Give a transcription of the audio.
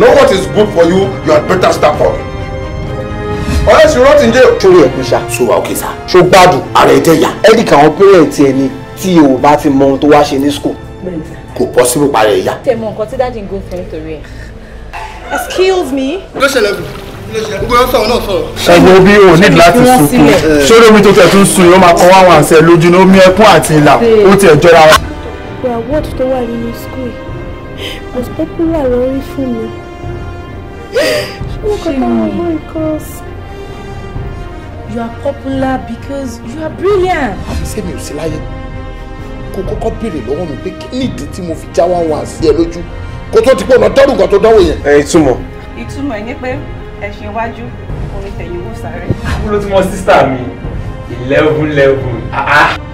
know what is good for you you had better stop talking, or else sì rọ́ọ̀tì in jail. sórí ẹ̀kún so okay, sir. sá. so gbádùn. ara ẹ̀ tẹ̀yà. ẹ̀ríkà àwọn pẹ́rẹ́ǹtì ẹni tí o bá ti mọ ohun tó wá ṣe ní school. kò possible parẹ́ ẹ̀yà. tẹ mọ nǹkan tí dájú ń gún fún nítorí ẹ. excuse me. ló ṣẹlẹ̀ bù ẹ̀yin obi o ní láti sunkún ṣórí omi tó tẹ̀ tún sun yìí ó máa kọ́ wá wọn àṣẹ lójú ní omi ẹkún àti ìlà ó tiẹ̀ jọra. ìgbà wọ́ọ̀dù tó wà nínú skul kò sí pé kúrò àlọ́ rí fún mi. Look at my gosh. You are popular because you are brilliant. Àfi sẹ́mi ò me láyé. Koko kọ́kọ́ béèrè lọ́wọ́ mi pé kí ni ìdí tí mo fi já wá wá sí ẹ lójú? Kó tó ti pé ọ̀nà dọ́rùn kan tó dánwò pe. Ẹ ìtumọ̀. Ìtumọ̀ ẹ̀ ní pé ẹ̀sìn iwájú orin tẹ̀yìn wò sáré. mo sísá mi, eleven eleven, ah ah.